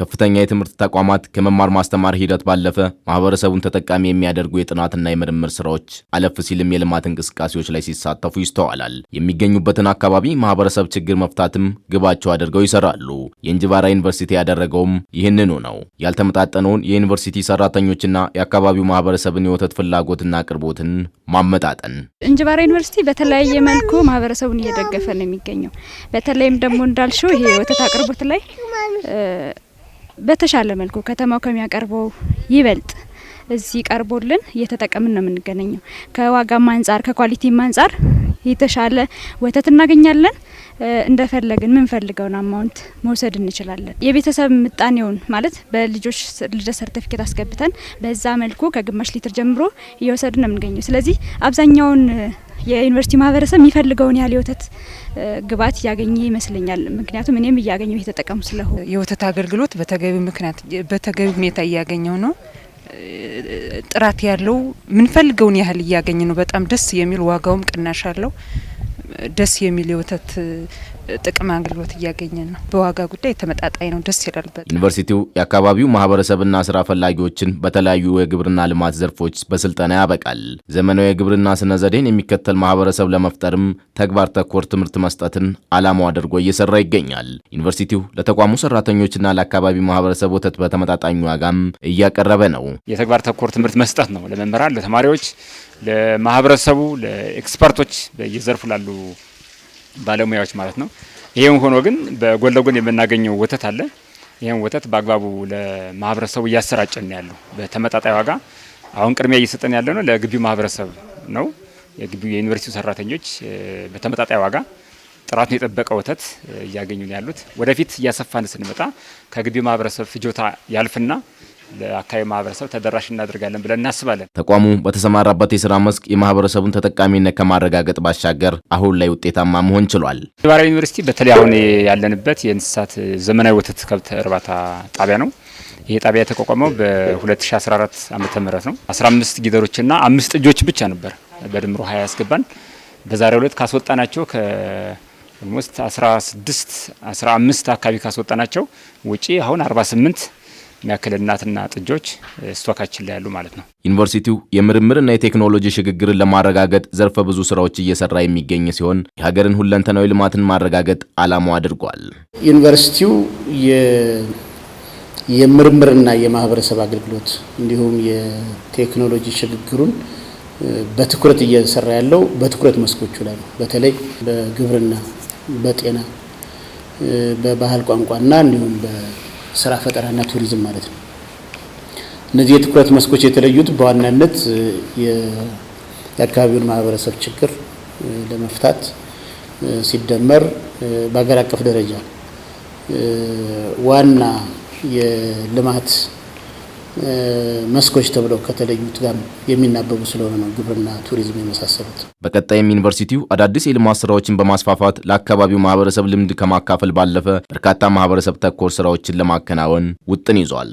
ከፍተኛ የትምህርት ተቋማት ከመማር ማስተማር ሂደት ባለፈ ማህበረሰቡን ተጠቃሚ የሚያደርጉ የጥናትና የምርምር ስራዎች አለፍ ሲልም የልማት እንቅስቃሴዎች ላይ ሲሳተፉ ይስተዋላል። የሚገኙበትን አካባቢ ማህበረሰብ ችግር መፍታትም ግባቸው አድርገው ይሰራሉ። የእንጅባራ ዩኒቨርሲቲ ያደረገውም ይህንኑ ነው። ያልተመጣጠነውን የዩኒቨርሲቲ ሰራተኞችና የአካባቢው ማህበረሰብን የወተት ፍላጎትና አቅርቦትን ማመጣጠን። እንጅባራ ዩኒቨርሲቲ በተለያየ መልኩ ማህበረሰቡን እየደገፈ ነው የሚገኘው። በተለይም ደግሞ እንዳልሽው ይሄ የወተት አቅርቦት ላይ በተሻለ መልኩ ከተማው ከሚያቀርበው ይበልጥ እዚህ ቀርቦልን እየተጠቀምን ነው የምንገናኘው ከዋጋም አንጻር ከኳሊቲም አንጻር የተሻለ ወተት እናገኛለን። እንደፈለግን ምንፈልገውን አማውንት መውሰድ እንችላለን። የቤተሰብ ምጣኔውን ማለት በልጆች ልደት ሰርተፊኬት አስገብተን በዛ መልኩ ከግማሽ ሊትር ጀምሮ እየወሰድን ነው የምንገኘው። ስለዚህ አብዛኛውን የዩኒቨርሲቲ ማህበረሰብ የሚፈልገውን ያህል የወተት ግብዓት እያገኘ ይመስለኛል። ምክንያቱም እኔም እያገኘ የተጠቀሙ ስለሆ የወተት አገልግሎት በተገቢ ምክንያት በተገቢ ሁኔታ እያገኘው ነው። ጥራት ያለው ምንፈልገውን ያህል እያገኘ ነው። በጣም ደስ የሚል ዋጋውም ቅናሽ አለው። ደስ የሚል የወተት ጥቅም አገልግሎት እያገኘን ነው። በዋጋ ጉዳይ ተመጣጣኝ ነው፣ ደስ ይላልበት። ዩኒቨርሲቲው የአካባቢው ማህበረሰብና ስራ ፈላጊዎችን በተለያዩ የግብርና ልማት ዘርፎች በስልጠና ያበቃል። ዘመናዊ የግብርና ስነ ዘዴን የሚከተል ማህበረሰብ ለመፍጠርም ተግባር ተኮር ትምህርት መስጠትን አላማው አድርጎ እየሰራ ይገኛል። ዩኒቨርሲቲው ለተቋሙ ሰራተኞችና ለአካባቢ ማህበረሰብ ወተት በተመጣጣኝ ዋጋም እያቀረበ ነው። የተግባር ተኮር ትምህርት መስጠት ነው ለመምህራን፣ ለተማሪዎች፣ ለማህበረሰቡ፣ ለኤክስፐርቶች በየዘርፉ ላሉ ባለሙያዎች ማለት ነው። ይህም ሆኖ ግን በጎን ለጎን የምናገኘው ወተት አለ። ይህም ወተት በአግባቡ ለማህበረሰቡ እያሰራጨን ያለው በተመጣጣይ ዋጋ አሁን ቅድሚያ እየሰጠን ያለ ነው ለግቢው ማህበረሰብ ነው። የግቢው የዩኒቨርሲቲው ሰራተኞች በተመጣጣይ ዋጋ ጥራቱን የጠበቀ ወተት እያገኙ ያሉት። ወደፊት እያሰፋን ስንመጣ ከግቢው ማህበረሰብ ፍጆታ ያልፍና ለአካባቢ ማህበረሰብ ተደራሽ እናደርጋለን ብለን እናስባለን። ተቋሙ በተሰማራበት የስራ መስክ የማህበረሰቡን ተጠቃሚነት ከማረጋገጥ ባሻገር አሁን ላይ ውጤታማ መሆን ችሏል። የባህር ዩኒቨርሲቲ በተለይ አሁን ያለንበት የእንስሳት ዘመናዊ ወተት ከብት እርባታ ጣቢያ ነው። ይሄ ጣቢያ የተቋቋመው በ2014 ዓ ም ነው። 15 ጊደሮችና አምስት ጥጆች ብቻ ነበር በድምሮ 20 ያስገባን። በዛሬው ዕለት ካስወጣናቸው ከ ኦልሞስት 16 15 አካባቢ ካስወጣናቸው ውጪ አሁን 48 የሚያክል እናትና ጥጆች ስቶካችን ላይ ያሉ ማለት ነው። ዩኒቨርሲቲው የምርምርና የቴክኖሎጂ ሽግግርን ለማረጋገጥ ዘርፈ ብዙ ስራዎች እየሰራ የሚገኝ ሲሆን የሀገርን ሁለንተናዊ ልማትን ማረጋገጥ አላማው አድርጓል። ዩኒቨርሲቲው የምርምርና የማህበረሰብ አገልግሎት እንዲሁም የቴክኖሎጂ ሽግግሩን በትኩረት እየሰራ ያለው በትኩረት መስኮቹ ላይ ነው። በተለይ በግብርና፣ በጤና፣ በባህል ቋንቋና እንዲሁም ስራ ፈጠራና ቱሪዝም ማለት ነው። እነዚህ የትኩረት መስኮች የተለዩት በዋናነት የአካባቢውን ማህበረሰብ ችግር ለመፍታት ሲደመር በሀገር አቀፍ ደረጃ ዋና የልማት መስኮች ተብለው ከተለዩት ጋር የሚናበቡ ስለሆነ ነው ግብርና፣ ቱሪዝም የመሳሰሉት። በቀጣይም ዩኒቨርሲቲው አዳዲስ የልማት ስራዎችን በማስፋፋት ለአካባቢው ማህበረሰብ ልምድ ከማካፈል ባለፈ በርካታ ማህበረሰብ ተኮር ስራዎችን ለማከናወን ውጥን ይዟል።